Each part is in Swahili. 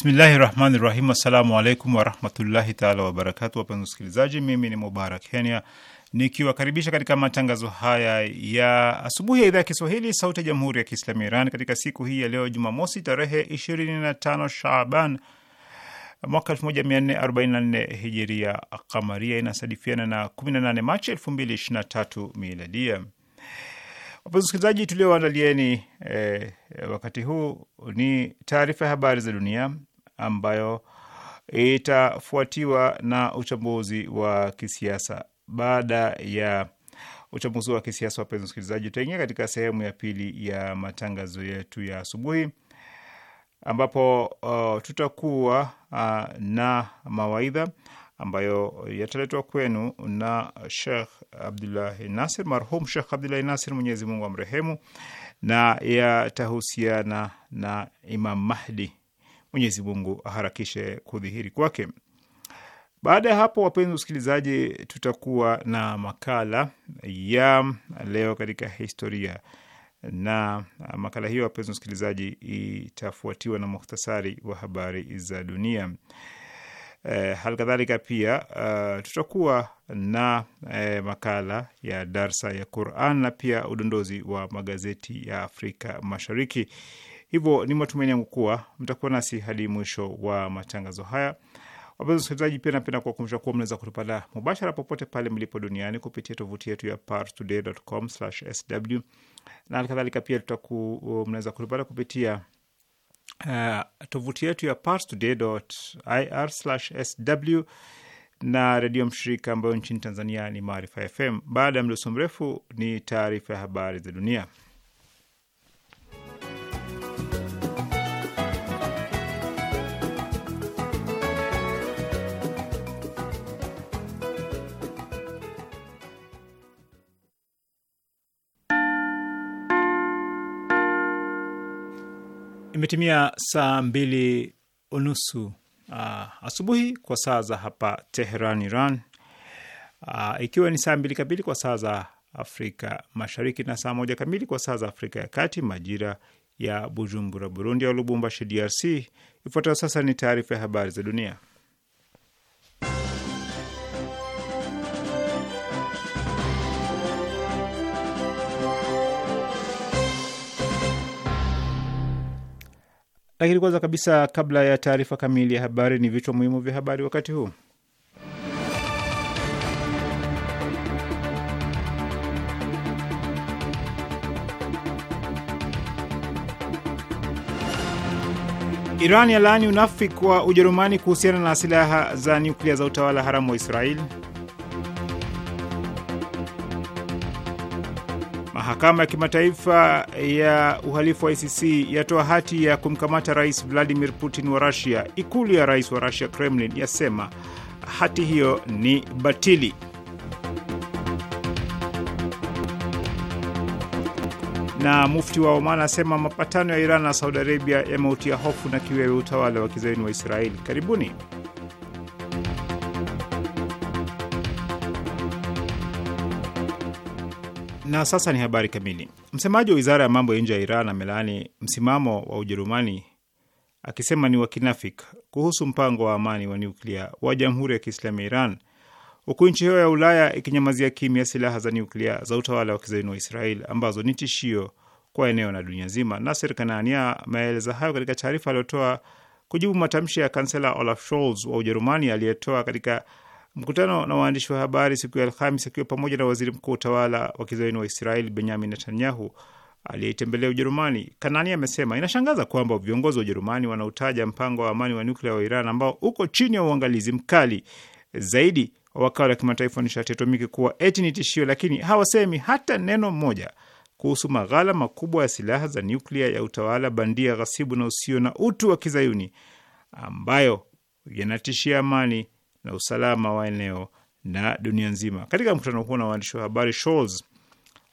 Bismillahi rahmani rahim. Assalamu alaikum warahmatullahi taala wabarakatu. Wapenzi wasikilizaji, mimi ni Mubarak Kenya nikiwakaribisha katika matangazo haya ya asubuhi ya idhaa ya Kiswahili sauti ya jamhuri ya Kiislamu ya Iran katika siku hii ya leo Jumamosi tarehe 25 Shaban mwaka 1444 hijiria kamaria, inasadifiana na 18 Machi 2023 miladia. Wapenzi wasikilizaji, tulioandalieni eh, wakati huu ni taarifa ya habari za dunia ambayo itafuatiwa na uchambuzi wa kisiasa. Baada ya uchambuzi wa kisiasa, wapenzi wasikilizaji, tutaingia katika sehemu ya pili ya matangazo yetu ya asubuhi ambapo uh, tutakuwa uh, na mawaidha ambayo yataletwa kwenu na Shekh Abdullahi Nasir, marhum Shekh Abdullahi Nasir, Mwenyezi Mungu amrehemu, na yatahusiana na Imam Mahdi, Mwenyezi Mungu aharakishe kudhihiri kwake. Baada ya hapo, wapenzi wasikilizaji, tutakuwa na makala ya leo katika historia, na makala hiyo, wapenzi wasikilizaji, itafuatiwa na muhtasari wa habari za dunia. E, eh, halikadhalika pia uh, tutakuwa na eh, makala ya darsa ya Quran na pia udondozi wa magazeti ya Afrika Mashariki. Hivyo ni matumaini yangu kuwa mtakuwa nasi hadi mwisho wa matangazo haya. Wapenzi wasikilizaji, pia napenda kuwakumbusha kuwa mnaweza kutupata mubashara popote pale mlipo duniani kupitia tovuti yetu ya parstoday.com/sw na halikadhalika pia mnaweza kutupata kupitia uh, tovuti yetu ya parstoday.ir/sw na redio mshirika ambayo nchini Tanzania ni Maarifa FM. Baada ya mdoso mrefu, ni taarifa ya habari za dunia. Imetimia saa mbili unusu uh, asubuhi kwa saa za hapa Teheran, Iran, uh, ikiwa ni saa mbili kamili kwa saa za Afrika Mashariki na saa moja kamili kwa saa za Afrika ya Kati, majira ya Bujumbura, Burundi, au Lubumbashi, DRC. Ifuatayo sasa ni taarifa ya habari za dunia. Lakini kwanza kabisa, kabla ya taarifa kamili ya habari, ni vichwa muhimu vya habari wakati huu. Iran yalaani unafiki wa Ujerumani kuhusiana na silaha za nyuklia za utawala haramu wa Israeli. Mahakama ya Kimataifa ya Uhalifu wa ICC yatoa hati ya kumkamata Rais Vladimir Putin wa Rusia. Ikulu ya rais wa Rusia, Kremlin, yasema hati hiyo ni batili. na mufti wa Oman asema mapatano ya Iran na Saudi Arabia yameutia hofu na kiwewe utawala wa kizayuni wa Israeli. Karibuni. Na sasa ni habari kamili. Msemaji wa wizara ya mambo ya nje ya Iran amelaani msimamo wa Ujerumani akisema ni wakinafik kuhusu mpango wa amani wa nyuklia wa Jamhuri ya Kiislamu ya Iran, huku nchi hiyo ya Ulaya ikinyamazia kimya silaha za nyuklia za utawala wa kizayuni wa Israel ambazo ni tishio kwa eneo na dunia nzima. Naser Kanania ameeleza hayo katika taarifa aliyotoa kujibu matamshi ya kansela Olaf Scholz wa Ujerumani aliyetoa katika mkutano na waandishi wa habari siku ya Alhamis akiwa pamoja na waziri mkuu wa utawala wa kizayuni wa Israeli Benyamin Netanyahu aliyeitembelea Ujerumani. Kanani amesema inashangaza kwamba viongozi wa Ujerumani wanautaja mpango wa amani wa nyuklia wa Iran ambao uko chini ya uangalizi mkali zaidi wa wakala wa kimataifa wa nishati atomiki kuwa eti ni tishio, lakini hawasemi hata neno moja kuhusu maghala makubwa ya silaha za nyuklia ya utawala bandia ghasibu na usio na utu wa kizayuni ambayo yanatishia amani na usalama wa eneo na dunia nzima. Katika mkutano huo na waandishi wa habari, Scholz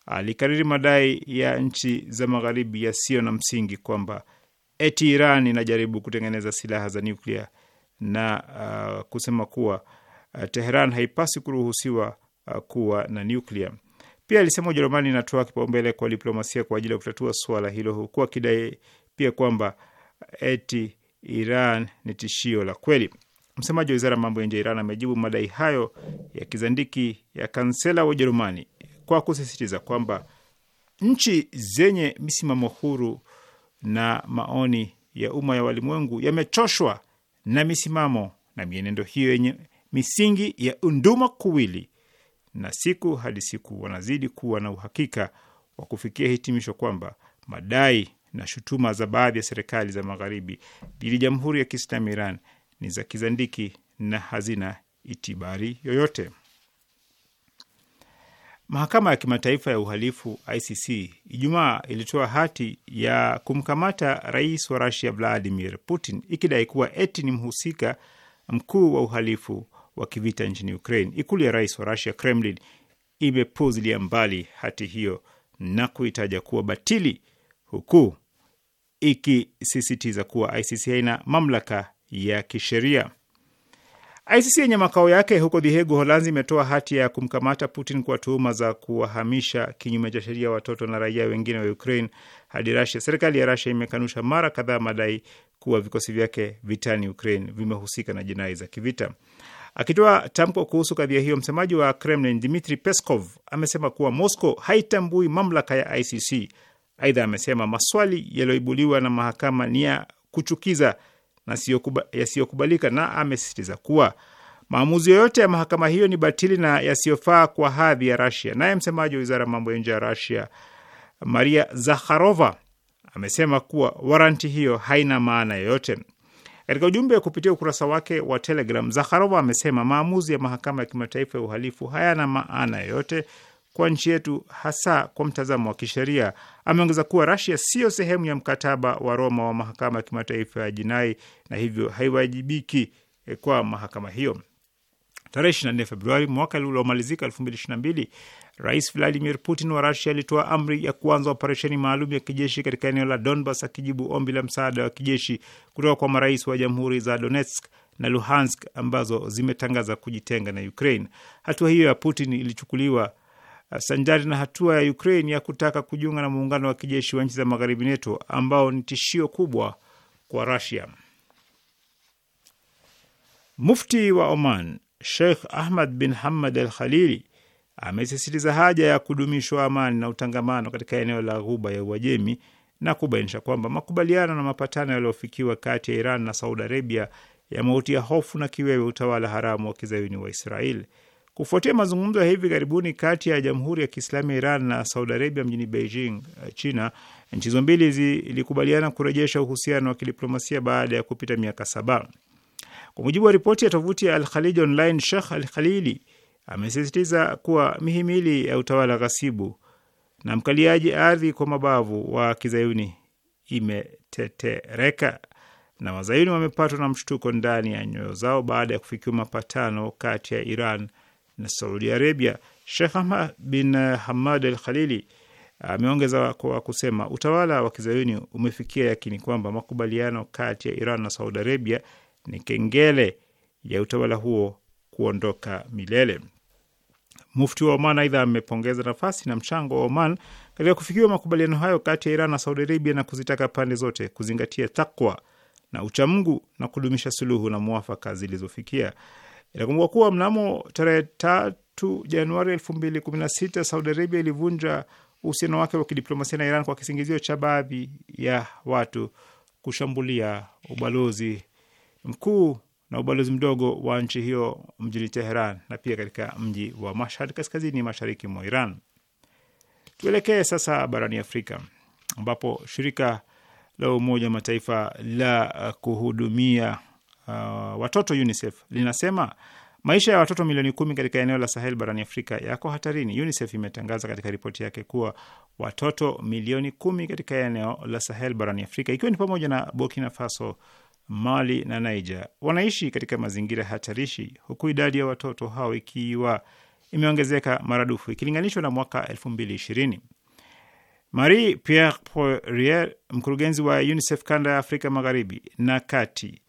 alikariri madai ya nchi za magharibi yasiyo na msingi kwamba eti Iran inajaribu kutengeneza silaha za nyuklia na uh, kusema kuwa uh, Teheran haipasi kuruhusiwa uh, kuwa na nyuklia. Pia alisema Ujerumani inatoa kipaumbele kwa diplomasia kwa ajili ya kutatua suala hilo, huku akidai pia kwamba uh, eti Iran ni tishio la kweli. Msemaji wa wizara ya mambo ya nje ya Iran amejibu madai hayo ya kizandiki ya kansela wa Ujerumani kwa kusisitiza kwamba nchi zenye misimamo huru na maoni ya umma ya walimwengu yamechoshwa na misimamo na mienendo hiyo yenye misingi ya unduma kuwili, na siku hadi siku wanazidi kuwa na uhakika wa kufikia hitimisho kwamba madai na shutuma za baadhi ya serikali za magharibi dhidi ya Jamhuri ya Kiislamu Iran ni za kizandiki na hazina itibari yoyote. Mahakama ya Kimataifa ya Uhalifu ICC Ijumaa ilitoa hati ya kumkamata rais wa Rusia Vladimir Putin ikidai kuwa eti ni mhusika mkuu wa uhalifu wa kivita nchini Ukraine. Ikulu ya rais wa Rusia, Kremlin, imepuzilia mbali hati hiyo na kuitaja kuwa batili, huku ikisisitiza kuwa ICC haina mamlaka ya kisheria. ICC yenye makao yake huko The Hague, imetoa hati ya kumkamata Putin kwa tuhuma za kuwahamisha kinyume cha sheria watoto na raia wengine wa Ukraine hadi Rasia. Serikali ya Rasia imekanusha mara kadhaa madai kuwa vikosi vyake vitani Ukraine vimehusika na jinai za kivita. Akitoa tamko kuhusu kadhia hiyo, msemaji wa Kremlin Dmitri Peskov amesema kuwa Moscow haitambui mamlaka ya ICC. Aidha amesema maswali yaliyoibuliwa na mahakama ni ya kuchukiza yasiyokubalika na amesisitiza kuwa maamuzi yoyote ya mahakama hiyo ni batili na yasiyofaa kwa hadhi ya Rasia. Naye msemaji wa wizara ya mambo ya nje ya Rasia, Maria Zakharova, amesema kuwa waranti hiyo haina maana yoyote. Katika ujumbe kupitia ukurasa wake wa Telegram, Zakharova amesema maamuzi ya mahakama ya kimataifa ya uhalifu hayana maana yoyote kwa nchi yetu, hasa kwa mtazamo wa kisheria. Ameongeza kuwa Rasia siyo sehemu ya mkataba wa Roma wa mahakama ya kimataifa ya jinai na hivyo haiwajibiki eh, kwa mahakama hiyo. Tarehe 24 Februari mwaka uliomalizika 2022, Rais Vladimir Putin wa Rasia alitoa amri ya kuanza operesheni maalum ya kijeshi katika eneo la Donbas, akijibu ombi la msaada wa kijeshi kutoka kwa marais wa jamhuri za Donetsk na Luhansk ambazo zimetangaza kujitenga na Ukraine. Hatua hiyo ya Putin ilichukuliwa sanjari na hatua ya Ukraine ya kutaka kujiunga na muungano wa kijeshi wa nchi za magharibi NATO ambao ni tishio kubwa kwa rasia Mufti wa Oman Sheikh Ahmad bin Hamad Al Khalili amesisitiza haja ya kudumishwa amani na utangamano katika eneo la Ghuba ya Uajemi na kubainisha kwamba makubaliano na mapatano yaliyofikiwa kati ya Iran na Saudi Arabia yameutia hofu na kiwewe utawala haramu wa kizayuni wa Israeli. Kufuatia mazungumzo ya hivi karibuni kati ya Jamhuri ya Kiislamu ya Iran na Saudi Arabia mjini Beijing, uh, China, nchi hizo mbili zilikubaliana kurejesha uhusiano wa kidiplomasia baada ya kupita miaka saba. Kwa mujibu wa ripoti ya tovuti ya Alkhaliji Online, Shekh Al Khalili amesisitiza kuwa mihimili ya utawala ghasibu na mkaliaji ardhi kwa mabavu wa kizayuni imetetereka na wazayuni wamepatwa na mshtuko ndani ya nyoyo zao baada ya kufikiwa mapatano kati ya Iran na Saudi Arabia. Shekh Ahmad bin Hamad al Khalili ameongeza kwa kusema utawala wa kizayuni umefikia yakini kwamba makubaliano kati ya Iran na Saudi Arabia ni kengele ya utawala huo kuondoka milele. Mufti wa Oman aidha amepongeza nafasi na mchango wa Oman katika kufikiwa makubaliano hayo kati ya Iran na Saudi Arabia na kuzitaka pande zote kuzingatia takwa na uchamungu na kudumisha suluhu na mwafaka zilizofikia. Inakumbuka kuwa mnamo tarehe tatu Januari elfu mbili kumi na sita Saudi Arabia ilivunja uhusiano wake wa kidiplomasia na Iran kwa kisingizio cha baadhi ya watu kushambulia ubalozi mkuu na ubalozi mdogo wa nchi hiyo mjini Teheran na pia katika mji wa Mashhad kaskazini mashariki mwa Iran. Tuelekee sasa barani Afrika ambapo shirika la Umoja wa Mataifa la kuhudumia Uh, watoto UNICEF linasema maisha ya watoto milioni kumi katika eneo la Sahel barani Afrika yako hatarini. UNICEF imetangaza katika ripoti yake kuwa watoto milioni kumi katika eneo la Sahel barani Afrika, ikiwa ni pamoja na Burkina Faso, Mali na Niger, wanaishi katika mazingira hatarishi, huku idadi ya watoto hao ikiwa imeongezeka maradufu ikilinganishwa na mwaka elfu mbili ishirini. Marie Pierre Poirier, mkurugenzi wa UNICEF kanda ya Afrika magharibi na kati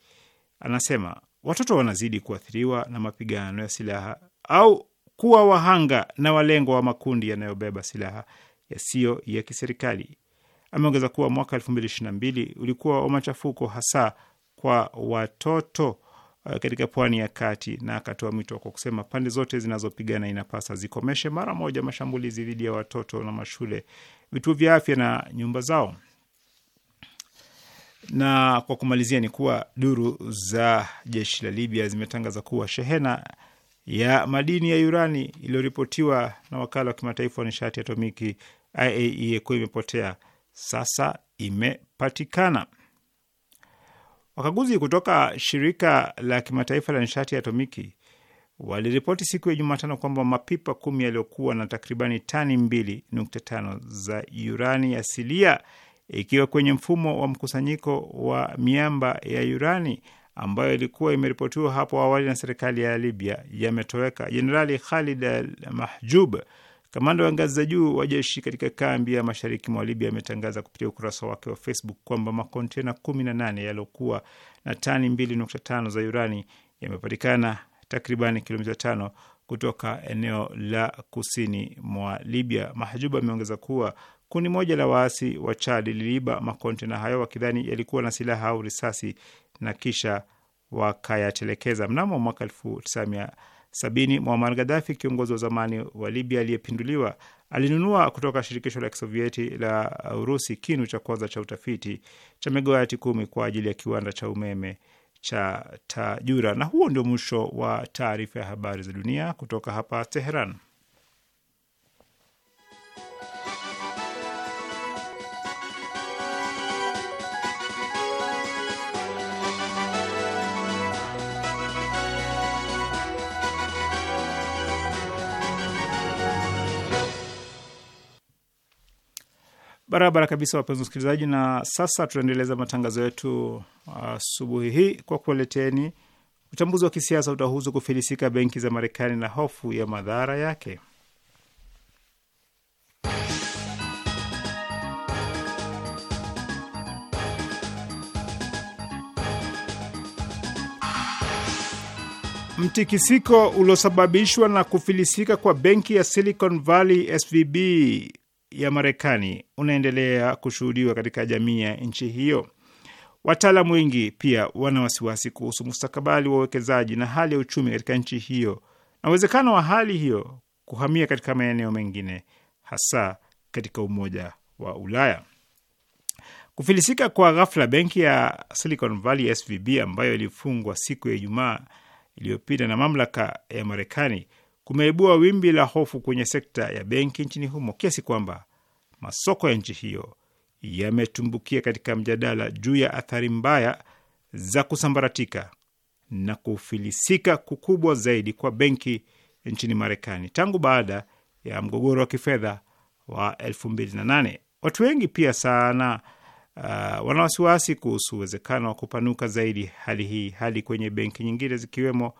anasema watoto wanazidi kuathiriwa na mapigano ya silaha au kuwa wahanga na walengwa wa makundi yanayobeba silaha yasiyo ya kiserikali. Ameongeza kuwa mwaka 2022 ulikuwa wa machafuko hasa kwa watoto eh, katika pwani ya kati, na akatoa mwito kwa kusema pande zote zinazopigana inapasa zikomeshe mara moja mashambulizi dhidi ya watoto na mashule, vituo vya afya na nyumba zao. Na kwa kumalizia ni kuwa duru za jeshi la Libya zimetangaza kuwa shehena ya madini ya urani iliyoripotiwa na wakala wa kimataifa wa nishati atomiki IAEA e, kuwa imepotea sasa imepatikana. Wakaguzi kutoka shirika la kimataifa la nishati ya atomiki waliripoti siku ya Jumatano kwamba mapipa kumi yaliyokuwa na takribani tani mbili nukta tano za urani asilia ikiwa kwenye mfumo wa mkusanyiko wa miamba ya urani ambayo ilikuwa imeripotiwa hapo awali na serikali ya Libya yametoweka. Jenerali Khalid al-Mahjub, kamanda wa ngazi za juu wa jeshi katika kambi ya mashariki mwa Libya, ametangaza kupitia ukurasa wake wa Facebook kwamba makontena 18 yaliokuwa na tani 2.5 za urani yamepatikana takribani kilomita tano kutoka eneo la kusini mwa Libya. Mahjuba ameongeza kuwa Kundi moja la waasi wa chadi liliiba makontena hayo wakidhani yalikuwa na silaha au risasi na kisha wakayatelekeza. Mnamo mwaka sabini Muammar Gaddafi, kiongozi wa zamani wa Libya aliyepinduliwa, alinunua kutoka shirikisho la kisovieti la Urusi kinu cha kwanza cha utafiti cha megawati kumi kwa ajili ya kiwanda cha umeme cha Tajura. Na huo ndio mwisho wa taarifa ya habari za dunia kutoka hapa Teheran. Barabara kabisa, wapenzi wasikilizaji, na sasa tunaendeleza matangazo yetu uh, asubuhi uh, hii kwa kuleteni uchambuzi wa kisiasa utahusu kufilisika benki za Marekani na hofu ya madhara yake. Mtikisiko uliosababishwa na kufilisika kwa benki ya Silicon Valley SVB ya Marekani unaendelea kushuhudiwa katika jamii ya nchi hiyo. Wataalam wengi pia wana wasiwasi kuhusu mustakabali wa uwekezaji na hali ya uchumi katika nchi hiyo na uwezekano wa hali hiyo kuhamia katika maeneo mengine, hasa katika Umoja wa Ulaya. Kufilisika kwa ghafla benki ya Silicon Valley SVB ambayo ilifungwa siku ya Ijumaa iliyopita na mamlaka ya Marekani kumeibua wimbi la hofu kwenye sekta ya benki nchini humo kiasi kwamba masoko ya nchi hiyo yametumbukia katika mjadala juu ya athari mbaya za kusambaratika na kufilisika kukubwa zaidi kwa benki nchini Marekani tangu baada ya mgogoro wa kifedha wa 2008. Watu wengi pia sana uh, wana wasiwasi kuhusu uwezekano wa kupanuka zaidi hali hii hadi kwenye benki nyingine zikiwemo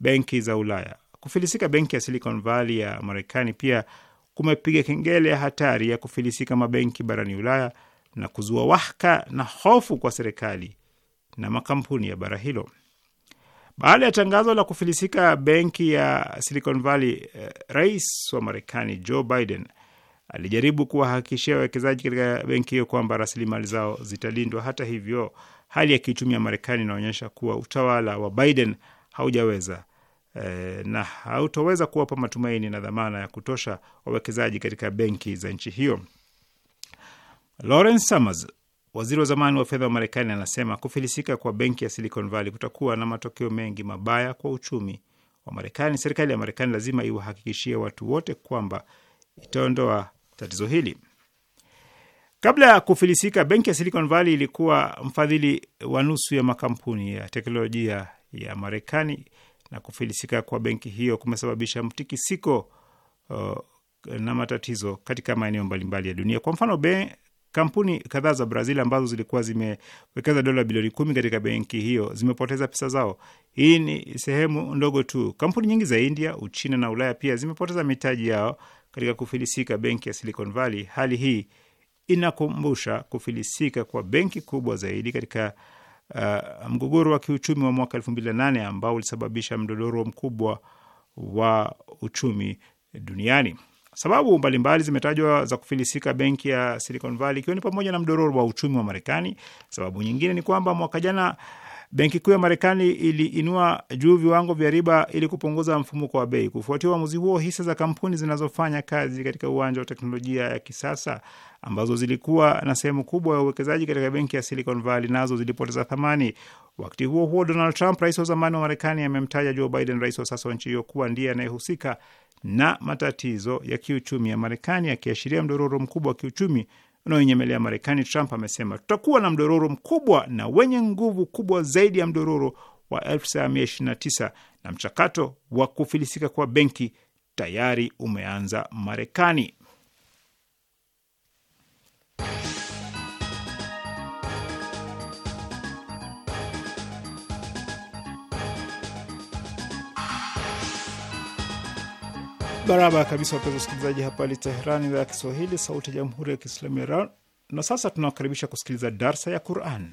benki za Ulaya. Kufilisika benki ya Silicon Valley ya Marekani pia kumepiga kengele ya hatari ya kufilisika mabenki barani Ulaya na kuzua wahaka na hofu kwa serikali na makampuni ya bara hilo. Baada ya tangazo la kufilisika benki ya Silicon Valley, eh, rais wa Marekani Joe Biden alijaribu kuwahakikishia wawekezaji katika benki hiyo kwamba rasilimali zao zitalindwa. Hata hivyo, hali ya kiuchumi ya Marekani inaonyesha kuwa utawala wa Biden haujaweza e, na hautoweza kuwapa matumaini na dhamana ya kutosha wawekezaji katika benki za nchi hiyo. Lawrence Summers, waziri wa zamani wa fedha wa Marekani, anasema kufilisika kwa benki ya Silicon Valley kutakuwa na matokeo mengi mabaya kwa uchumi wa Marekani. Serikali ya Marekani lazima iwahakikishie watu wote kwamba itaondoa tatizo hili. Kabla ya kufilisika, benki ya Silicon Valley ilikuwa mfadhili wa nusu ya makampuni ya teknolojia ya Marekani na kufilisika kwa benki hiyo kumesababisha mtikisiko uh, na matatizo katika maeneo mbalimbali ya dunia. Kwa mfano ben, kampuni kadhaa za Brazil ambazo zilikuwa zimewekeza dola bilioni kumi katika benki hiyo zimepoteza pesa zao. Hii ni sehemu ndogo tu. Kampuni nyingi za India, Uchina na Ulaya pia zimepoteza mitaji yao katika kufilisika benki ya Silicon Valley. Hali hii inakumbusha kufilisika kwa benki kubwa zaidi katika uh, mgogoro wa kiuchumi wa mwaka elfu mbili na nane ambao ulisababisha mdodoro mkubwa wa uchumi duniani. Sababu mbalimbali zimetajwa za kufilisika benki ya Silicon Valley ikiwa ni pamoja na mdororo wa uchumi wa Marekani. Sababu nyingine ni kwamba mwaka jana Benki Kuu ya Marekani iliinua juu viwango vya riba ili kupunguza mfumuko wa bei. Kufuatia uamuzi huo, hisa za kampuni zinazofanya kazi katika uwanja wa teknolojia ya kisasa ambazo zilikuwa na sehemu kubwa ya uwekezaji katika benki ya Silicon Valley nazo zilipoteza thamani. Wakati huo huo, Donald Trump, rais wa zamani wa Marekani, amemtaja Joe Biden, rais wa sasa wa nchi hiyo, kuwa ndiye anayehusika na matatizo ya kiuchumi ya Marekani, akiashiria mdororo mkubwa wa kiuchumi unaoinyemelea Marekani, Trump amesema tutakuwa na mdororo mkubwa na wenye nguvu kubwa zaidi ya mdororo wa 1929 na mchakato wa kufilisika kwa benki tayari umeanza Marekani. Barabara kabisa, wapenzi wasikilizaji, hapa ni Teherani, idhaa ya Kiswahili, sauti ya jamhuri ya kiislamu ya Iran. Na sasa tunawakaribisha kusikiliza darsa ya Quran.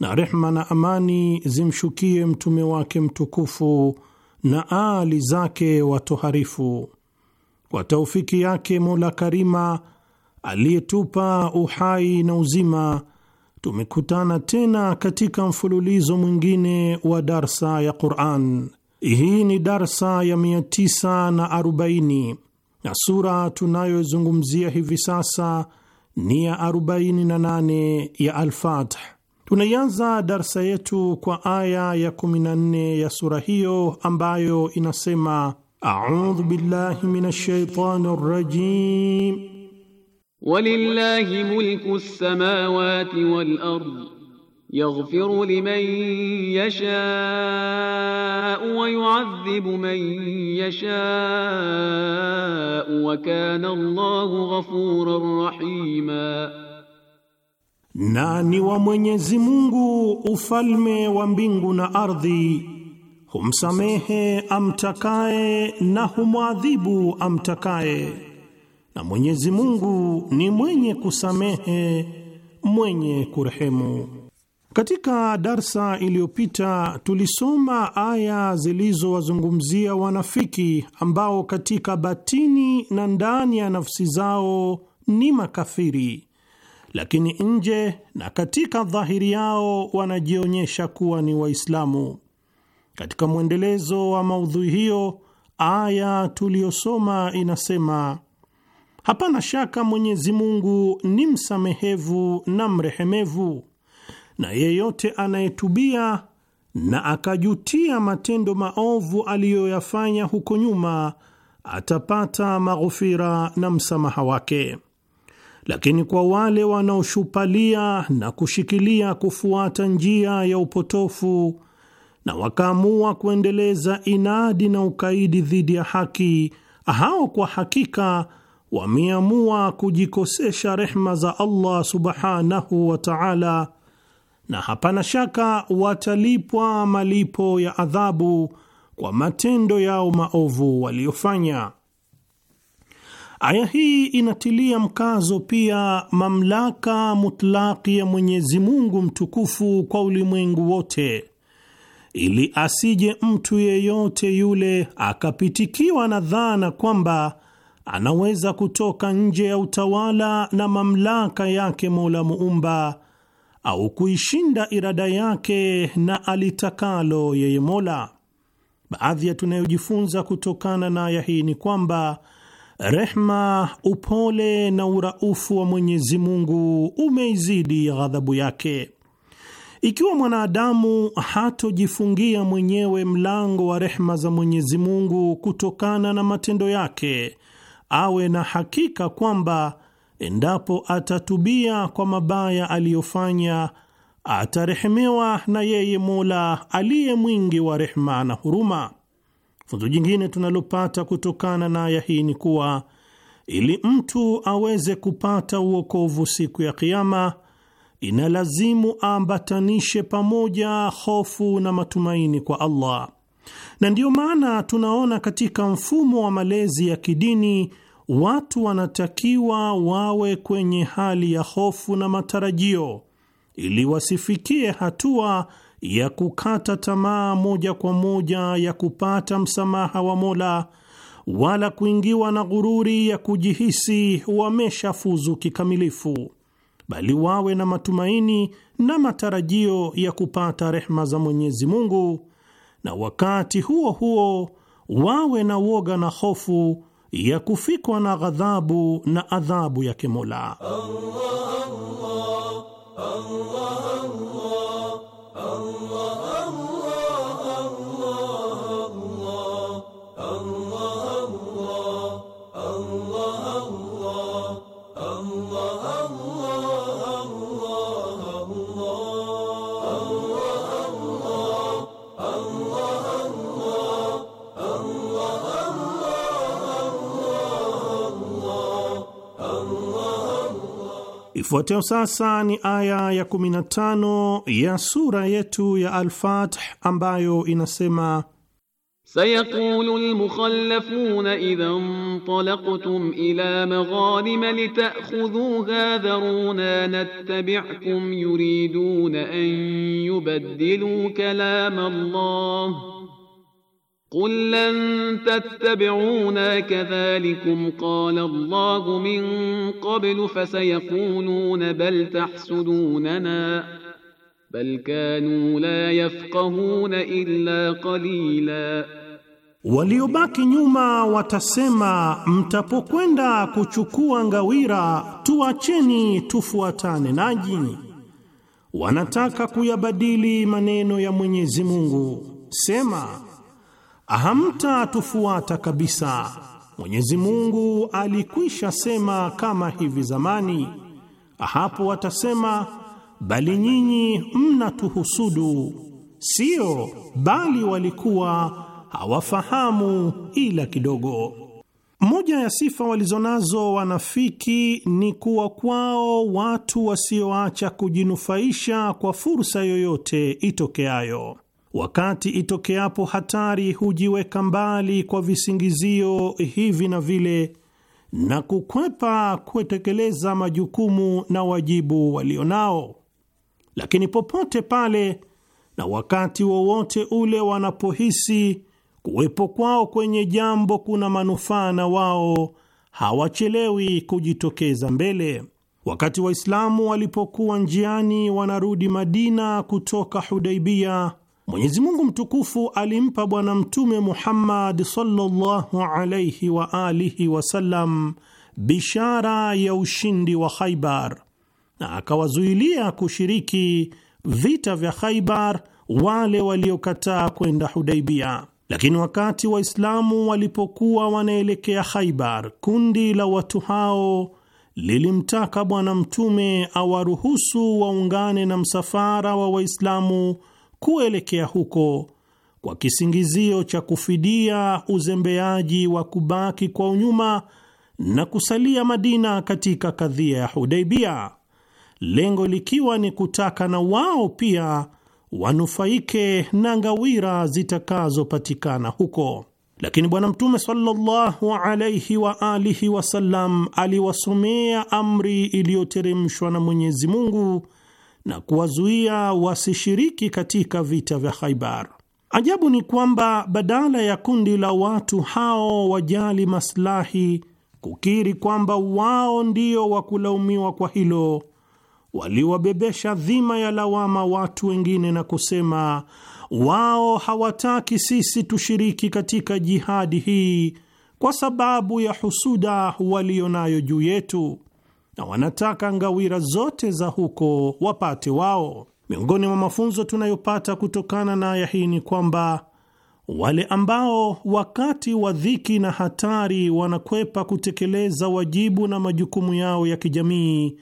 na rehma na amani zimshukie mtume wake mtukufu na aali zake watoharifu. Kwa taufiki yake Mola Karima aliyetupa uhai na uzima, tumekutana tena katika mfululizo mwingine wa darsa ya Quran. Hii ni darsa ya 940 na sura tunayozungumzia hivi sasa ni ya 48 ya Alfath. Tunaianza darsa yetu kwa aya ya 14 ya sura hiyo ambayo inasema a'udhu billahi minash shaitani rajim walillahi mulku samawati wal ardh yaghfiru liman yashau wa yu'adhibu man yashau wa kana Allahu ghafuran rahima na ni wa Mwenyezi Mungu ufalme wa mbingu na ardhi, humsamehe amtakaye na humwadhibu amtakaye, na Mwenyezi Mungu ni mwenye kusamehe mwenye kurehemu. Katika darsa iliyopita tulisoma aya zilizowazungumzia wanafiki ambao katika batini na ndani ya nafsi zao ni makafiri lakini nje na katika dhahiri yao wanajionyesha kuwa ni Waislamu. Katika mwendelezo wa maudhui hiyo, aya tuliyosoma inasema hapana shaka Mwenyezi Mungu ni msamehevu na mrehemevu, na yeyote anayetubia na akajutia matendo maovu aliyoyafanya huko nyuma atapata maghufira na msamaha wake lakini kwa wale wanaoshupalia na kushikilia kufuata njia ya upotofu na wakaamua kuendeleza inadi na ukaidi dhidi ya haki, hao kwa hakika wameamua kujikosesha rehma za Allah subhanahu wa ta'ala, na hapana shaka watalipwa malipo ya adhabu kwa matendo yao maovu waliofanya Aya hii inatilia mkazo pia mamlaka mutlaki ya Mwenyezi Mungu mtukufu kwa ulimwengu wote, ili asije mtu yeyote yule akapitikiwa na dhana kwamba anaweza kutoka nje ya utawala na mamlaka yake Mola Muumba au kuishinda irada yake na alitakalo yeye Mola. Baadhi ya tunayojifunza kutokana na aya hii ni kwamba Rehma, upole na uraufu wa Mwenyezi Mungu umeizidi ghadhabu yake. Ikiwa mwanadamu hatojifungia mwenyewe mlango wa rehma za Mwenyezi Mungu kutokana na matendo yake, awe na hakika kwamba endapo atatubia kwa mabaya aliyofanya, atarehemewa na yeye Mola aliye mwingi wa rehma na huruma. Funzo jingine tunalopata kutokana na aya hii ni kuwa ili mtu aweze kupata uokovu siku ya Kiama inalazimu aambatanishe pamoja hofu na matumaini kwa Allah, na ndiyo maana tunaona katika mfumo wa malezi ya kidini watu wanatakiwa wawe kwenye hali ya hofu na matarajio ili wasifikie hatua ya kukata tamaa moja kwa moja ya kupata msamaha wa Mola wala kuingiwa na ghururi ya kujihisi wameshafuzu kikamilifu, bali wawe na matumaini na matarajio ya kupata rehma za Mwenyezi Mungu, na wakati huo huo wawe na woga na hofu ya kufikwa na ghadhabu na adhabu yake Mola Allah. Ifuatayo sasa ni aya ya 15 ya sura yetu ya Al-Fath ambayo inasema سيقول المخلفون إذا انطلقتم إلى مغانم لتأخذوها ذرونا نتبعكم يريدون أن يبدلوا كلام الله Qul lan tattabi'una kadhalikum qala Allahu min qablu fasayaquluna bal tahsudunana bal kanu la yafqahuna illa qalila, waliobaki nyuma watasema mtapokwenda kuchukua ngawira tuacheni tufuatane naji Wanataka kuyabadili maneno ya Mwenyezi Mungu, sema hamtatufuata kabisa. Mwenyezi Mungu alikwisha sema kama hivi zamani. Hapo watasema bali nyinyi mnatuhusudu, sio bali walikuwa hawafahamu ila kidogo. Moja ya sifa walizonazo wanafiki ni kuwa kwao watu wasioacha kujinufaisha kwa fursa yoyote itokeayo. Wakati itokeapo hatari hujiweka mbali kwa visingizio hivi na vile na kukwepa kutekeleza majukumu na wajibu walio nao, lakini popote pale na wakati wowote ule wanapohisi kuwepo kwao kwenye jambo kuna manufaa na wao hawachelewi kujitokeza mbele. Wakati Waislamu walipokuwa njiani wanarudi Madina kutoka Hudaibia, Mwenyezi Mungu mtukufu alimpa Bwana Mtume Muhammad sallallahu alayhi wa alihi wasallam bishara ya ushindi wa Khaibar na akawazuilia kushiriki vita vya Khaibar wale waliokataa kwenda Hudaibia. Lakini wakati Waislamu walipokuwa wanaelekea Khaibar, kundi la watu hao lilimtaka Bwana Mtume awaruhusu waungane na msafara wa Waislamu kuelekea huko kwa kisingizio cha kufidia uzembeaji wa kubaki kwa unyuma na kusalia Madina katika kadhia ya Hudaibia, lengo likiwa ni kutaka na wao pia wanufaike na ngawira zitakazopatikana huko. Lakini Bwana Mtume sallallahu alaihi wa alihi wasallam aliwasomea amri iliyoteremshwa na Mwenyezi Mungu na kuwazuia wasishiriki katika vita vya Khaibar. Ajabu ni kwamba badala ya kundi la watu hao wajali maslahi kukiri kwamba wao ndio wa kulaumiwa kwa hilo, waliwabebesha dhima ya lawama watu wengine na kusema wao hawataki sisi tushiriki katika jihadi hii kwa sababu ya husuda walionayo juu yetu na wanataka ngawira zote za huko wapate wao. Miongoni mwa mafunzo tunayopata kutokana na aya hii ni kwamba wale ambao wakati wa dhiki na hatari wanakwepa kutekeleza wajibu na majukumu yao ya kijamii,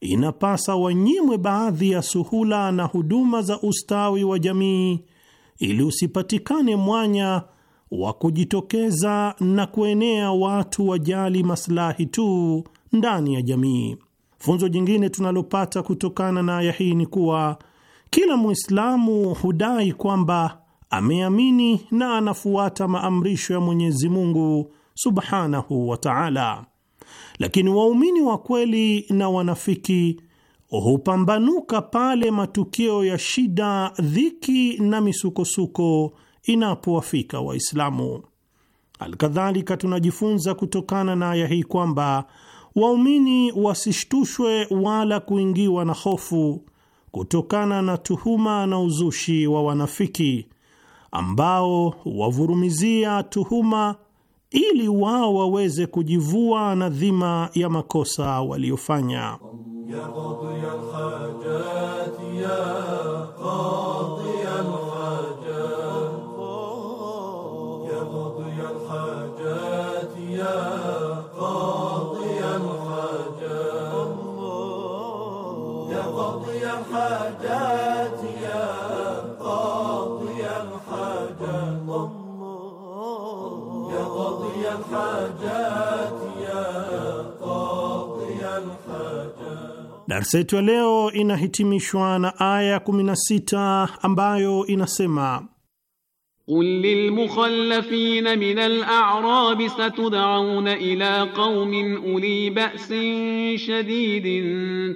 inapasa wanyimwe baadhi ya suhula na huduma za ustawi wa jamii ili usipatikane mwanya wa kujitokeza na kuenea watu wajali maslahi tu ndani ya jamii. Funzo jingine tunalopata kutokana na aya hii ni kuwa kila Mwislamu hudai kwamba ameamini na anafuata maamrisho ya Mwenyezi Mungu subhanahu wa taala, lakini waumini wa kweli na wanafiki hupambanuka pale matukio ya shida, dhiki na misukosuko inapowafika Waislamu. Alkadhalika, tunajifunza kutokana na aya hii kwamba waumini wasishtushwe wala kuingiwa na hofu kutokana na tuhuma na uzushi wa wanafiki ambao wavurumizia tuhuma ili wao waweze kujivua na dhima ya makosa waliofanya. Darsa yetu ya leo inahitimishwa na aya 16 ambayo inasema قل للمخلفين من الأعراب ستدعون إلى قوم أولي بأس شديد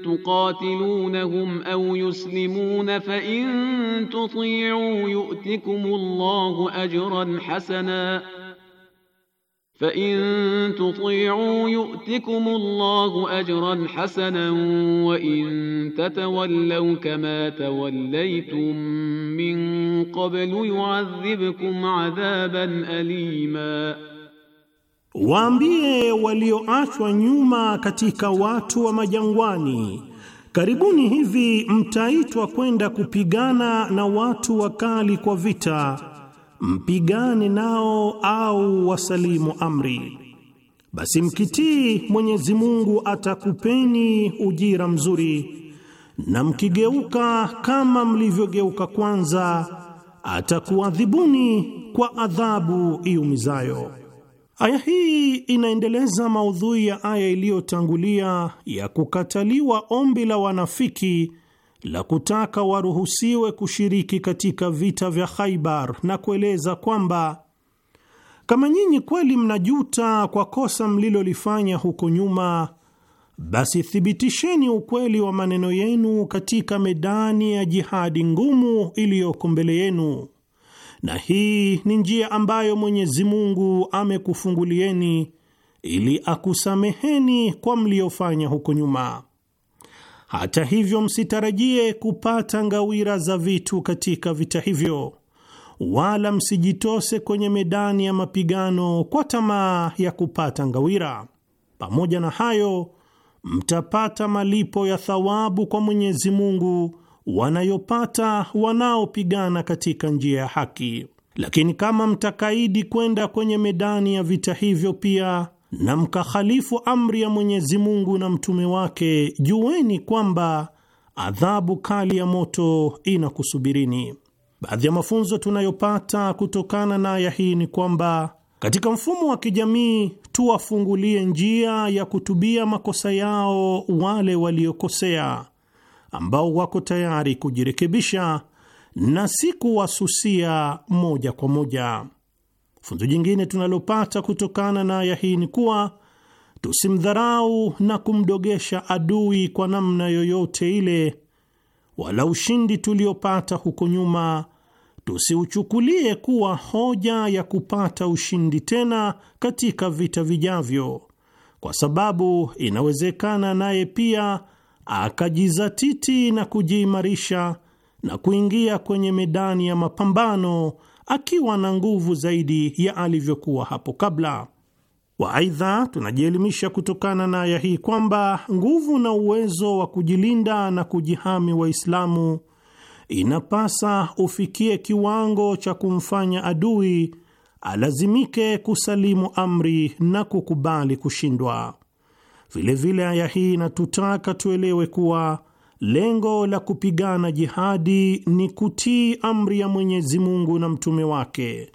تقاتلونهم أو يسلمون فإن تطيعوا يؤتكم الله أجرا حسناً فإن تطيعوا يؤتكم الله أجرا حسنا وإن تتولوا كما توليتم من قبل يعذبكم عذابا أليما Waambie walioachwa nyuma katika watu wa majangwani, karibuni hivi mtaitwa kwenda kupigana na watu wakali kwa vita mpigane nao au wasalimu amri, basi mkitii Mwenyezi Mungu atakupeni ujira mzuri, na mkigeuka kama mlivyogeuka kwanza atakuadhibuni kwa adhabu iumizayo. Aya hii inaendeleza maudhui ya aya iliyotangulia ya kukataliwa ombi la wanafiki la kutaka waruhusiwe kushiriki katika vita vya Khaibar na kueleza kwamba kama nyinyi kweli mnajuta kwa kosa mlilolifanya huko nyuma, basi thibitisheni ukweli wa maneno yenu katika medani ya jihadi ngumu iliyoko mbele yenu, na hii ni njia ambayo Mwenyezi Mungu amekufungulieni ili akusameheni kwa mliofanya huko nyuma. Hata hivyo, msitarajie kupata ngawira za vitu katika vita hivyo, wala msijitose kwenye medani ya mapigano kwa tamaa ya kupata ngawira. Pamoja na hayo, mtapata malipo ya thawabu kwa Mwenyezi Mungu wanayopata wanaopigana katika njia ya haki. Lakini kama mtakaidi kwenda kwenye medani ya vita hivyo, pia na mkahalifu amri ya Mwenyezi Mungu na mtume wake, jueni kwamba adhabu kali ya moto inakusubirini. Baadhi ya mafunzo tunayopata kutokana na aya hii ni kwamba katika mfumo wa kijamii tuwafungulie njia ya kutubia makosa yao wale waliokosea, ambao wako tayari kujirekebisha na si kuwasusia moja kwa moja. Funzo jingine tunalopata kutokana na aya hii ni kuwa tusimdharau na kumdogesha adui kwa namna yoyote ile, wala ushindi tuliopata huko nyuma tusiuchukulie kuwa hoja ya kupata ushindi tena katika vita vijavyo, kwa sababu inawezekana naye pia akajizatiti na kujiimarisha na kuingia kwenye medani ya mapambano akiwa na nguvu zaidi ya alivyokuwa hapo kabla. Waaidha, tunajielimisha kutokana na aya hii kwamba nguvu na uwezo wa kujilinda na kujihami Waislamu inapasa ufikie kiwango cha kumfanya adui alazimike kusalimu amri na kukubali kushindwa. Vilevile aya hii inatutaka tuelewe kuwa lengo la kupigana jihadi ni kutii amri ya Mwenyezi Mungu na mtume wake,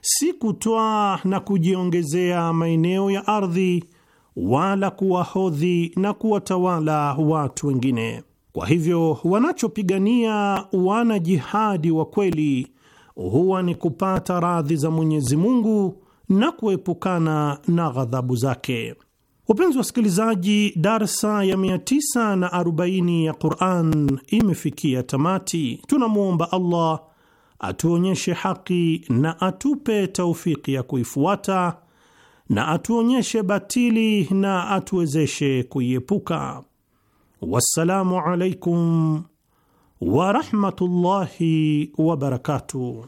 si kutwaa na kujiongezea maeneo ya ardhi wala kuwahodhi na kuwatawala watu wengine. Kwa hivyo wanachopigania wana jihadi wa kweli huwa ni kupata radhi za Mwenyezi Mungu na kuepukana na ghadhabu zake. Wapenzi wasikilizaji, darsa ya 940 ya Quran imefikia tamati. Tunamwomba Allah atuonyeshe haki na atupe taufiki ya kuifuata na atuonyeshe batili na atuwezeshe kuiepuka. Wassalamu alaikum warahmatullahi wabarakatuh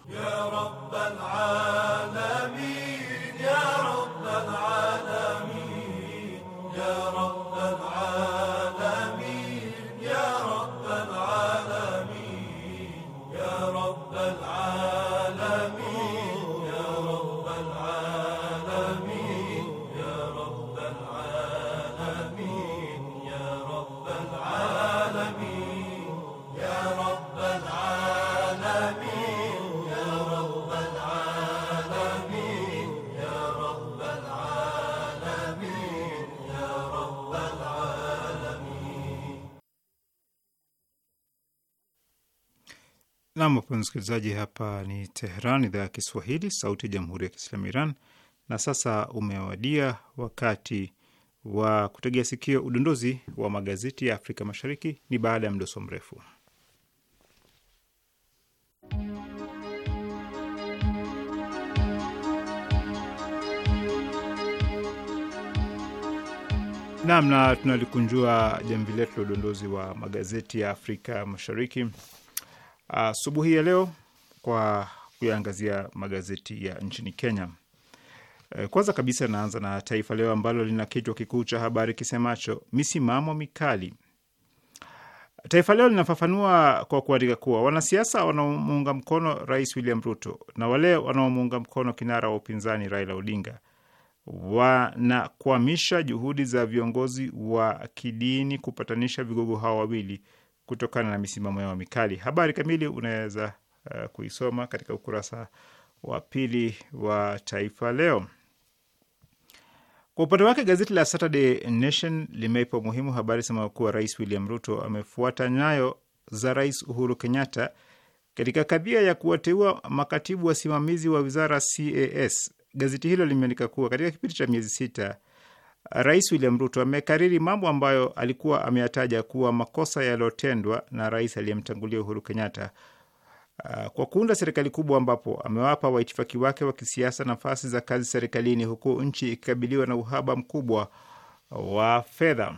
Nam, wapenzi msikilizaji, hapa ni Tehran, idhaa ya Kiswahili, sauti ya jamhuri ya kiislamu Iran. Na sasa umewadia wakati wa kutegea sikio udondozi wa magazeti ya Afrika Mashariki. Ni baada ya mdoso mrefu namna tunalikunjua jamvi letu la udondozi wa magazeti ya Afrika Mashariki asubuhi ya leo kwa kuyaangazia magazeti ya nchini Kenya. Eh, kwanza kabisa naanza na Taifa Leo ambalo lina kichwa kikuu cha habari kisemacho misimamo mikali. Taifa Leo linafafanua kwa kuandika kuwa wanasiasa wanaomuunga mkono Rais William Ruto na wale wanaomuunga mkono kinara wa upinzani Raila Odinga wanakwamisha juhudi za viongozi wa kidini kupatanisha vigogo hao wawili kutokana na misimamo yao mikali. Habari kamili unaweza uh, kuisoma katika ukurasa wa pili wa Taifa Leo. Kwa upande wake gazeti la Saturday Nation limeipa umuhimu habari sema kuwa Rais William Ruto amefuata nyayo za Rais Uhuru Kenyatta katika kadhia ya kuwateua makatibu wasimamizi wa wizara CAS. Gazeti hilo limeandika kuwa katika kipindi cha miezi sita Rais William Ruto amekariri mambo ambayo alikuwa ameyataja kuwa makosa yaliyotendwa na rais aliyemtangulia Uhuru Kenyatta uh, kwa kuunda serikali kubwa ambapo amewapa waitifaki wake wa kisiasa nafasi za kazi serikalini huku nchi ikikabiliwa na uhaba mkubwa wa fedha.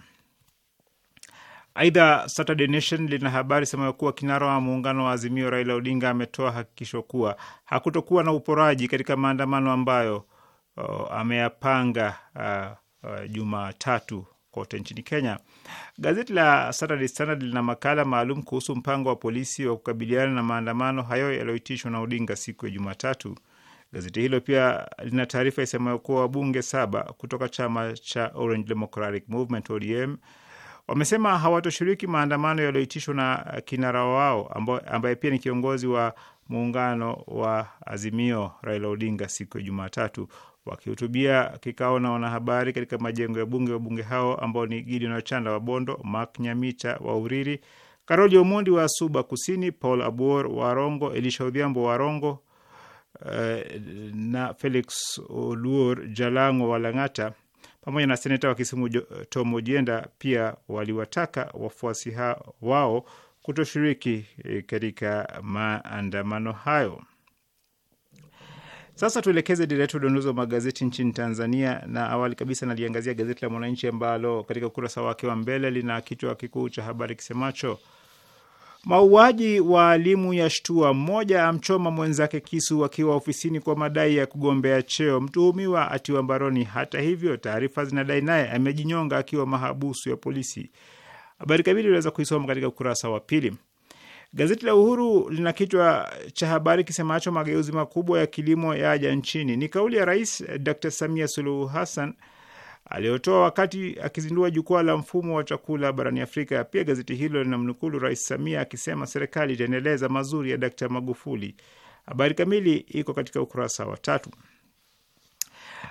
Aidha, Saturday Nation lina habari semayo kuwa kinara wa muungano wa Azimio Raila Odinga ametoa hakikisho kuwa hakutokuwa na uporaji katika maandamano ambayo uh, ameyapanga uh, uh, Jumatatu kote nchini Kenya. Gazeti la Saturday Standard lina makala maalum kuhusu mpango wa polisi wa kukabiliana na maandamano hayo yaliyoitishwa na Odinga siku ya Jumatatu. Gazeti hilo pia lina taarifa isemayo kuwa wabunge saba kutoka chama cha Orange Democratic Movement ODM wamesema hawatoshiriki maandamano yaliyoitishwa na kinara wao ambaye pia ni kiongozi wa muungano wa Azimio Raila Odinga siku ya Jumatatu. Wakihutubia kikao na wanahabari katika majengo ya bunge, wabunge hao ambao ni Gideon Wachanda wa Bondo, Mark Nyamicha wa Uriri, Karoli Omondi wa Suba Kusini, Paul Abuor wa Rongo, Elisha Udhiambo wa Rongo eh, na Felix Oluor Jalang'o wa Lang'ata pamoja na seneta wa Kisumu Tom Ojienda pia waliwataka wafuasi wao kutoshiriki eh, katika maandamano hayo. Sasa tuelekeze dira yetu udondozi wa magazeti nchini Tanzania, na awali kabisa naliangazia gazeti la Mwananchi ambalo katika ukurasa wake wa mbele lina kichwa kikuu cha habari kisemacho mauaji waalimu ya shtua, mmoja amchoma mwenzake kisu akiwa ofisini kwa madai ya kugombea cheo, mtuhumiwa atiwa mbaroni. Hata hivyo, taarifa zinadai naye amejinyonga akiwa mahabusu ya polisi. Habari kamili unaweza kuisoma katika ukurasa wa pili. Gazeti la Uhuru lina kichwa cha habari kisemacho mageuzi makubwa ya kilimo yaja nchini. Ni kauli ya Rais Dr Samia Suluhu Hassan aliyotoa wakati akizindua jukwaa la mfumo wa chakula barani Afrika. Pia gazeti hilo linamnukulu Rais Samia akisema serikali itaendeleza mazuri ya Dkt Magufuli. Habari kamili iko katika ukurasa wa tatu.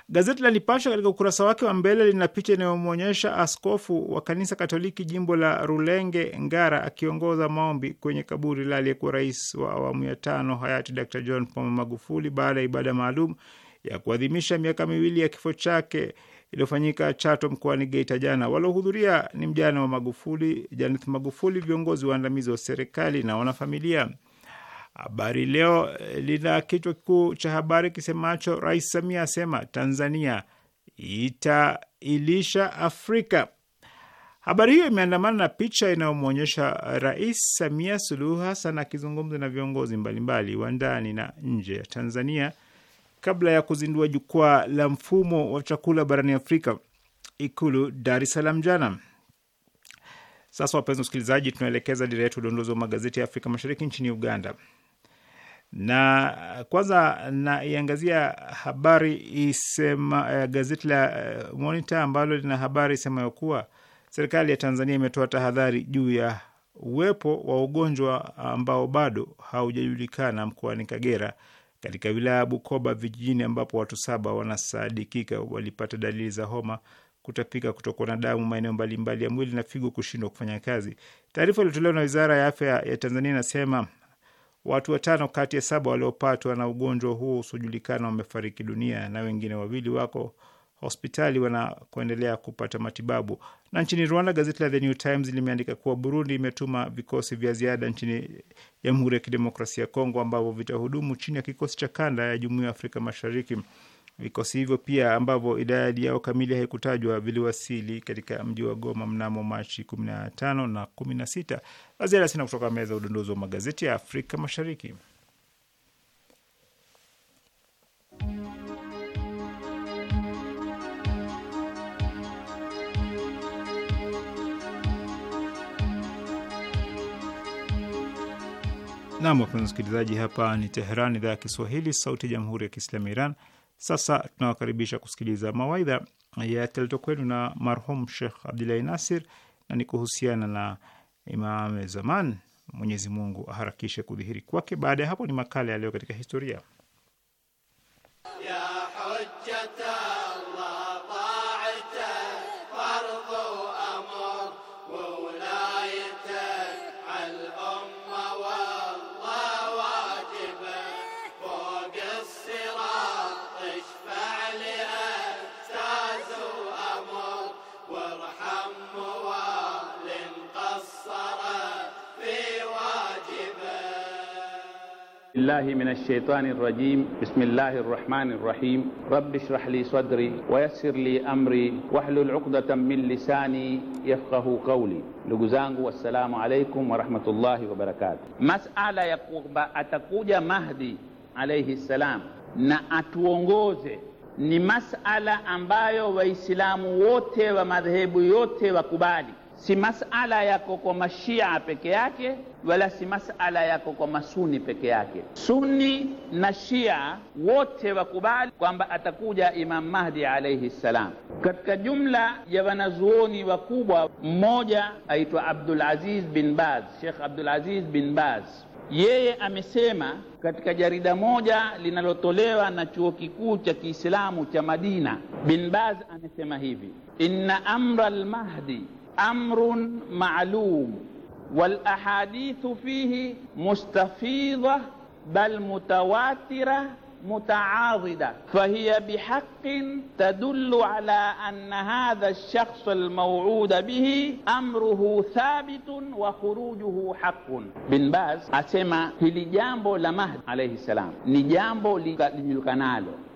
Gazeti la nipasha katika ukurasa wake wa mbele lina picha inayomwonyesha askofu wa kanisa Katoliki jimbo la Rulenge Ngara akiongoza maombi kwenye kaburi la aliyekuwa rais wa awamu ya tano hayati Dr John Pombe Magufuli baada ya ibada maalum ya kuadhimisha miaka miwili ya kifo chake iliyofanyika Chato mkoani Geita jana. Waliohudhuria ni mjane wa Magufuli, Janeth Magufuli, viongozi waandamizi wa serikali na wanafamilia. Habari Leo eh, lina kichwa kikuu cha habari kisemacho Rais Samia asema Tanzania itailisha Afrika. Habari hiyo imeandamana na picha inayomwonyesha Rais Samia Suluhu Hassan akizungumza na viongozi mbalimbali wa ndani na nje ya Tanzania kabla ya kuzindua jukwaa la mfumo wa chakula barani Afrika Ikulu Dar es Salaam jana. Sasa wapenzi wasikilizaji, tunaelekeza dira yetu udondozi wa magazeti ya Afrika Mashariki nchini Uganda na eh, kwanza naiangazia habari isema, eh, gazeti la eh, Monitor ambalo lina habari isemayo kuwa serikali ya Tanzania imetoa tahadhari juu ya uwepo wa ugonjwa ambao bado haujajulikana mkoani Kagera katika wilaya ya Bukoba vijijini, ambapo watu saba wanasadikika walipata dalili za homa, kutapika, kutokwa na damu maeneo mbalimbali ya mwili na figo kushindwa kufanya kazi. Taarifa iliyotolewa na Wizara ya Afya ya Tanzania inasema Watu watano kati ya saba waliopatwa na ugonjwa huo usiojulikana wamefariki dunia na wengine wawili wako hospitali wanakoendelea kupata matibabu. Na nchini Rwanda, gazeti la The New Times limeandika kuwa Burundi imetuma vikosi vya ziada nchini Jamhuri ya Kidemokrasia ya Kongo ambavyo vitahudumu chini ya kikosi cha kanda ya Jumuiya ya Afrika Mashariki. Vikosi hivyo pia ambavyo idadi yao kamili haikutajwa viliwasili katika mji wa Goma mnamo Machi 15 na 16. La ziada sina kutoka meza udondozi wa magazeti ya Afrika Mashariki. Nam, wapenzi wasikilizaji, hapa ni Teheran, idhaa ya Kiswahili, sauti ya jamhuri ya kiislamu ya Iran. Sasa tunawakaribisha kusikiliza mawaidha yataletwa kwenu na marhum Shekh abdulahi Nasir na ni kuhusiana na Imame Zaman, Mwenyezi Mungu aharakishe kudhihiri kwake. Baada ya hapo ni makala yaliyo katika historia yeah. الله من الشيطان الرجيم بسم الله الرحمن الرحيم رب اشرح لي صدري ويسر لي أمري واحلل عقدة من لساني يفقه قولي لقزانك والسلام عليكم ورحمة الله وبركاته مسألة يقول أتقود مهدي عليه السلام نا أتوانغوز ni masala ambayo waislamu wote wa madhehebu yote si masala yako kwa mashia peke yake, wala si masala yako kwa masuni peke yake. Sunni na shia wote wakubali kwamba atakuja Imam Mahdi alayhi salam. Katika jumla ya wanazuoni wakubwa, mmoja aitwa Abdul Aziz bin Baz, shekh Abdul Aziz bin Baz, yeye amesema katika jarida moja linalotolewa na chuo kikuu cha Kiislamu cha Madina, bin Baz amesema hivi: inna amra al-mahdi امر معلوم والاحاديث فيه مستفيضه بل متواتره متعاضده فهي بحق تدل على ان هذا الشخص الموعود به امره ثابت وخروجه حق بن باز أسمى في لجامبو لمهد عليه السلام نجامبو ni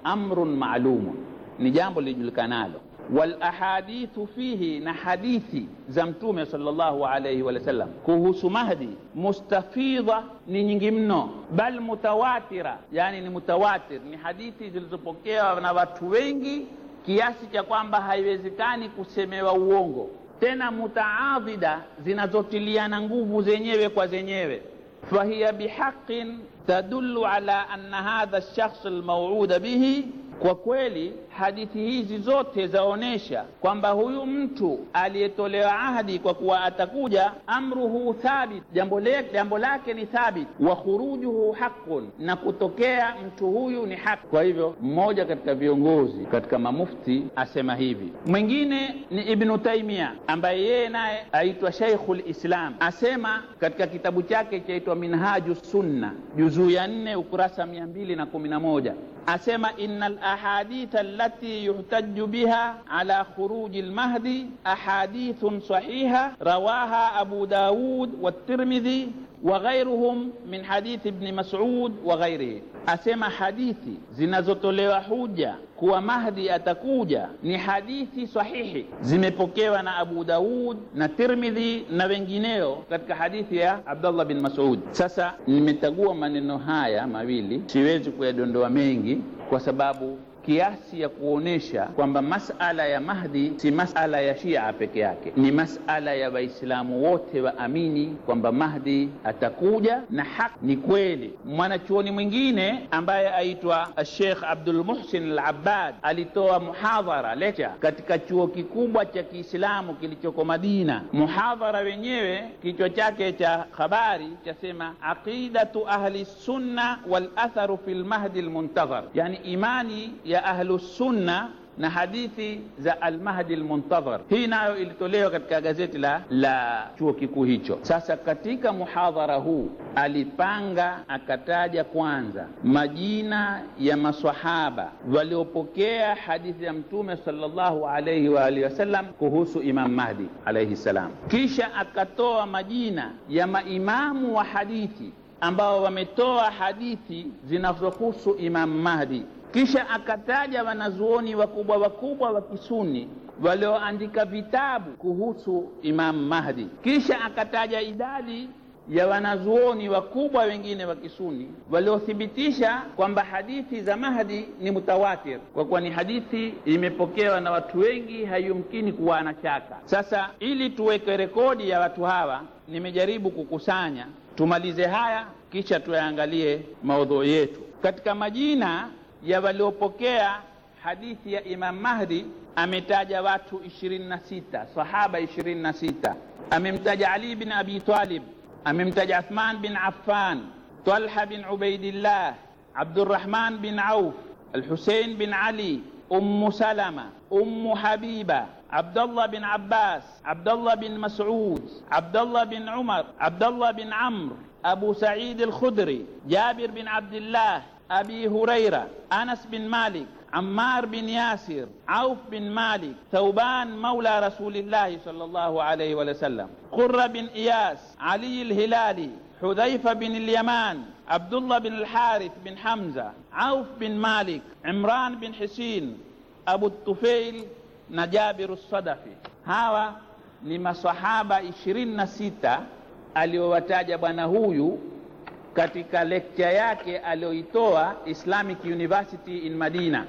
أمر معلوم نجامبو maalumun walahadithu fihi, na hadithi za Mtume sallallahu alayhi wa sallam kuhusu Mahdi mustafidha ni nyingi mno, bal mutawatira, yani ni mutawatir, ni hadithi zilizopokewa na watu wengi kiasi cha kwamba haiwezekani kusemewa uongo, tena mutaadhida, zinazotiliana nguvu zenyewe kwa zenyewe. fahiya bihaqin tadullu ala anna hadha lshakhs lmauuda bihi kwa kweli hadithi hizi zote zaonesha kwamba huyu mtu aliyetolewa ahadi kwa kuwa atakuja, amruhu thabit, jambo, jambo lake ni thabit, wa khurujuhu haqqun, na kutokea mtu huyu ni haki. Kwa hivyo mmoja katika viongozi katika mamufti asema hivi. Mwingine ni Ibnu Taimia ambaye yeye naye aitwa Sheikhul Islam, asema katika kitabu chake chaitwa Minhaju Sunna juzuu ya nne ukurasa mia mbili na kumi na moja asema innal الأحاديث التي يحتج بها على خروج المهدي أحاديث صحيحة رواها أبو داود والترمذي wa ghairuhum min hadithi Ibni Mas'ud wa ghairihi, asema hadithi zinazotolewa huja kuwa Mahdi atakuja ni hadithi sahihi, zimepokewa na Abu Daud na Tirmidhi na wengineo katika hadithi ya Abdullah bin Mas'ud. Sasa nimetagua maneno haya mawili, siwezi kuyadondoa mengi kwa sababu kiasi ya kuonesha kwamba masala ya Mahdi si masala ya Shia peke yake, ni masala ya Waislamu wote waamini kwamba Mahdi atakuja na haki ni kweli. Mwanachuoni mwingine ambaye aitwa Sheikh Abdul Muhsin Al-Abbad alitoa muhadhara lecha katika chuo kikubwa cha Kiislamu kilichoko Madina. Muhadhara wenyewe kichwa chake cha habari chasema aqidatu ahli sunna wal atharu fil mahdi al muntazar, yani imani ya ya Ahlusunna na hadithi za Almahdi Almuntadhar. Hii nayo ilitolewa katika gazeti la, la chuo kikuu hicho. Sasa katika muhadhara huu alipanga akataja kwanza majina ya maswahaba waliopokea hadithi ya Mtume sallallahu alayhi wa alihi wasallam kuhusu imamu Mahdi alayhi salam, kisha akatoa majina ya maimamu wa hadithi ambao wametoa hadithi zinazohusu imamu Mahdi kisha akataja wanazuoni wakubwa wakubwa wa Kisuni walioandika vitabu kuhusu Imamu Mahdi. Kisha akataja idadi ya wanazuoni wakubwa wengine wa Kisuni waliothibitisha kwamba hadithi za Mahdi ni mutawatir, kwa kuwa ni hadithi imepokewa na watu wengi, haiyumkini kuwa na shaka. Sasa ili tuweke rekodi ya watu hawa, nimejaribu kukusanya. Tumalize haya kisha tuyaangalie maudhui yetu katika majina ya waliopokea hadithi ya Imam Mahdi ametaja watu 26 sahaba 26 amemtaja Ali bin Abi Talib amemtaja Uthman bin Affan Talha bin Ubaidillah Abdurrahman bin Auf al hussein bin Ali أم Salama, أم Habiba, عبد الله بن عباس عبد الله بن مسعود عبد الله بن عمر عبد الله بن عمرو أبو سعيد الخدري جابر بن عبد الله أبي هريرة أنس بن مالك عمار بن ياسر عوف بن مالك ثوبان مولى رسول الله صلى الله عليه وسلم قرة بن إياس علي الهلالي حذيفة بن اليمان عبد الله بن الحارث بن حمزة عوف بن مالك عمران بن حسين أبو الطفيل نجابر الصدفي هوا لما صحابة 26 aliyowataja bwana huyu katika lecture yake aliyoitoa Islamic University in Madina.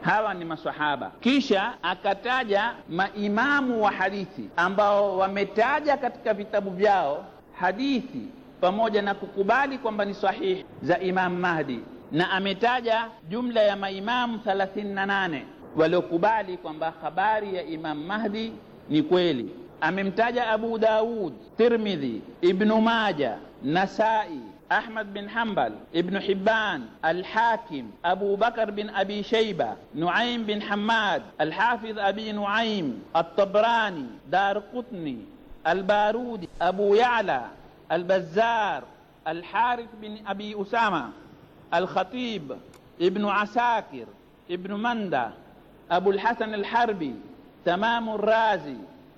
Hawa ni maswahaba. Kisha akataja maimamu wa hadithi ambao wametaja katika vitabu vyao hadithi pamoja na kukubali kwamba ni sahihi za Imam Mahdi, na ametaja jumla ya maimamu 38 waliokubali kwamba habari ya Imam Mahdi ni kweli. Amemtaja Abu Daud, Tirmidhi, Ibnu Maja, Nasai أحمد بن حنبل ابن حبان الحاكم أبو بكر بن أبي شيبة نعيم بن حماد الحافظ أبي نعيم الطبراني دار قطني البارودي أبو يعلى البزار الحارث بن أبي أسامة الخطيب ابن عساكر ابن مندى أبو الحسن الحربي تمام الرازي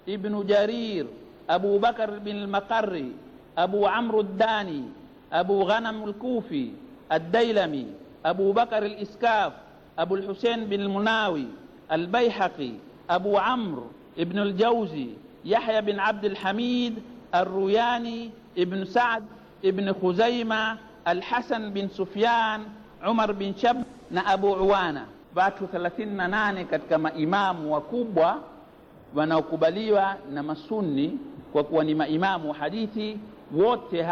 ابن جرير أبو بكر بن المقري أبو عمرو الداني أبو غنم الكوفي الديلمي أبو بكر الإسكاف أبو الحسين بن المناوي البيحقي أبو عمرو ابن الجوزي يحيى بن عبد الحميد الروياني ابن سعد ابن خزيمة الحسن بن سفيان عمر بن شب na أبو عوانة watu 38 katika maimamu wakubwa إمام na masunni kwa kuwa ni maimamu wa hadithi wote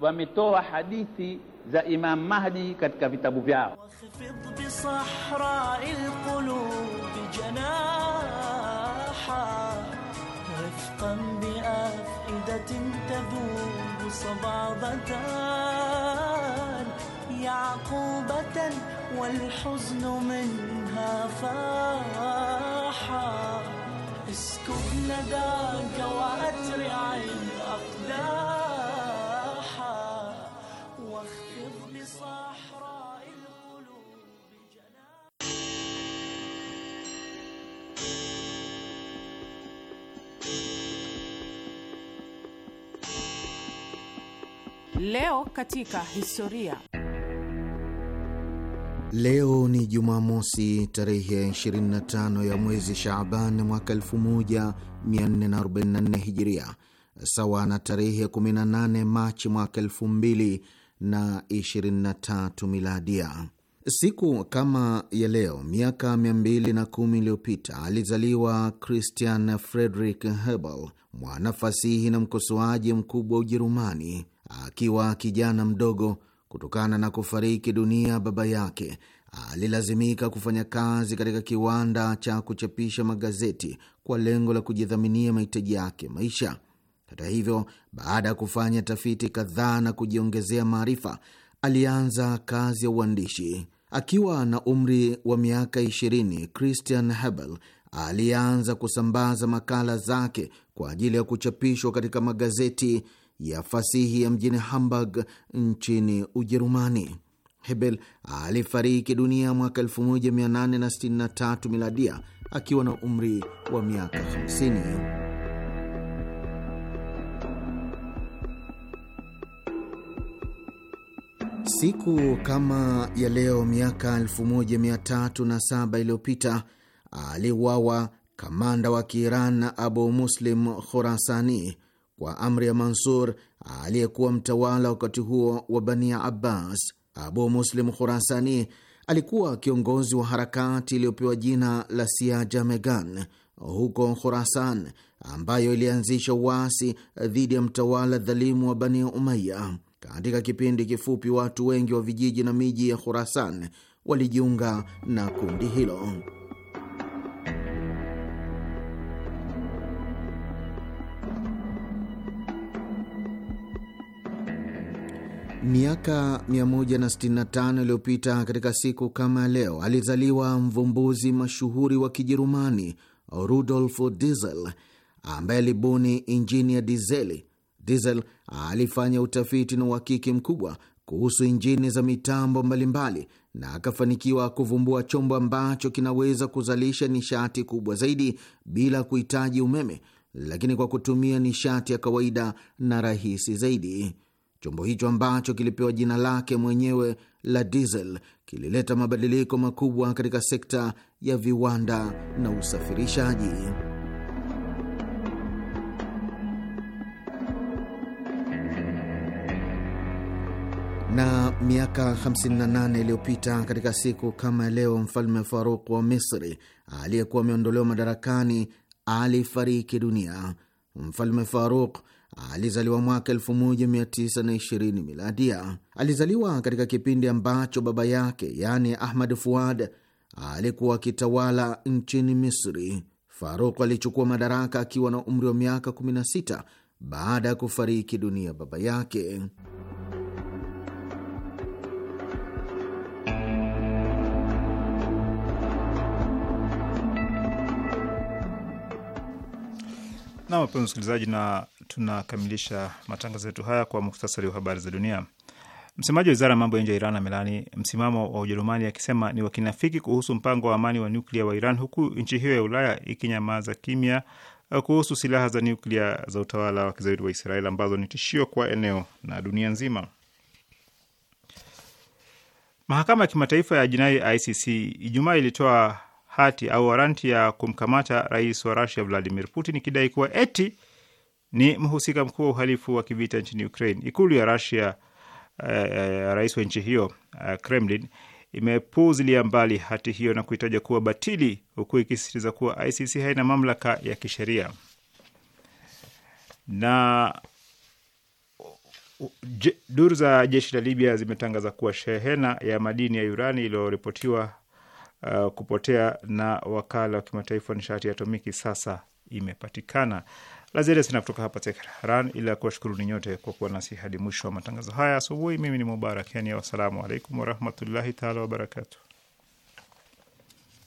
ومتوى حديثي زا إمام مهدي قد فيها واخفض بصحراء القلوب جناحا رفقا بأفئدة تذوب صبا يعقوبة والحزن منها فاحا اسكب نداك واتر عين Leo katika historia. Leo ni Jumamosi tarehe 25 ya mwezi Shaaban mwaka 1444 Hijiria, sawa na tarehe 18 Machi mwaka 2023 Miladia. Siku kama ya leo miaka 210 iliyopita alizaliwa Christian Friedrich Herbel, mwanafasihi na mkosoaji mkubwa wa Ujerumani akiwa kijana mdogo. Kutokana na kufariki dunia baba yake, alilazimika kufanya kazi katika kiwanda cha kuchapisha magazeti kwa lengo la kujidhaminia mahitaji yake maisha. Hata hivyo, baada ya kufanya tafiti kadhaa na kujiongezea maarifa, alianza kazi ya uandishi. Akiwa na umri wa miaka 20, Christian Hebel alianza kusambaza makala zake kwa ajili ya kuchapishwa katika magazeti ya fasihi ya mjini Hamburg nchini Ujerumani. Hebel alifariki dunia mwaka 1863 miladia akiwa na umri wa miaka 50. Siku kama ya leo miaka 1307 iliyopita aliuawa kamanda wa Kiiran Abu Muslim Khorasani kwa amri ya Mansur aliyekuwa mtawala wakati huo wa Bani Abbas. Abu Muslim Khurasani alikuwa kiongozi wa harakati iliyopewa jina la Siaja Megan huko Khurasan, ambayo ilianzisha uasi dhidi ya mtawala dhalimu wa Bani Umaya. Katika kipindi kifupi, watu wengi wa vijiji na miji ya Khurasan walijiunga na kundi hilo. Miaka 165 iliyopita katika siku kama leo alizaliwa mvumbuzi mashuhuri wa Kijerumani Rudolf Diesel ambaye alibuni injini ya dizeli. Diesel alifanya utafiti na uhakiki mkubwa kuhusu injini za mitambo mbalimbali na akafanikiwa kuvumbua chombo ambacho kinaweza kuzalisha nishati kubwa zaidi bila kuhitaji umeme, lakini kwa kutumia nishati ya kawaida na rahisi zaidi. Chombo hicho ambacho kilipewa jina lake mwenyewe la diesel kilileta mabadiliko makubwa katika sekta ya viwanda na usafirishaji. Na miaka 58 iliyopita katika siku kama ya leo, mfalme Faruk wa Misri aliyekuwa ameondolewa madarakani alifariki dunia. Mfalme Faruk Alizaliwa mwaka 1920 miladia. Alizaliwa katika kipindi ambacho baba yake yaani Ahmad Fuad alikuwa akitawala nchini Misri. Faruk alichukua madaraka akiwa na umri wa miaka 16 baada ya kufariki dunia baba yake. Na wapenzi msikilizaji, na tunakamilisha matangazo yetu haya kwa muktasari wa habari za dunia. Msemaji wa wizara ya mambo ya nje ya Iran amelani msimamo wa Ujerumani akisema ni wakinafiki kuhusu mpango wa amani wa nyuklia wa Iran, huku nchi hiyo ya Ulaya ikinyamaza kimya kuhusu silaha za nyuklia za utawala wa kizayuni wa Israeli ambazo ni tishio kwa eneo na dunia nzima. Mahakama ya kimataifa ya jinai ICC Ijumaa ilitoa hati au waranti ya kumkamata rais wa Rusia Vladimir Putin ikidai kuwa eti ni mhusika mkuu wa uhalifu wa kivita nchini Ukraine. Ikulu ya Rusia uh, eh, uh, eh, rais wa nchi hiyo uh, Kremlin imepuzilia mbali hati hiyo na kuitaja kuwa batili, huku ikisisitiza kuwa ICC haina mamlaka ya kisheria na duru za jeshi la Libya zimetangaza kuwa shehena ya madini ya urani iliyoripotiwa uh, kupotea na wakala wa kimataifa wa nishati ya atomiki sasa imepatikana la ziada sina kutoka hapa Tehran ila kuwashukuruni nyote kwa kuwa nasi hadi mwisho wa matangazo haya asubuhi. Mimi ni Mubarak Yani, wassalamu alaikum warahmatullahi taala wabarakatuh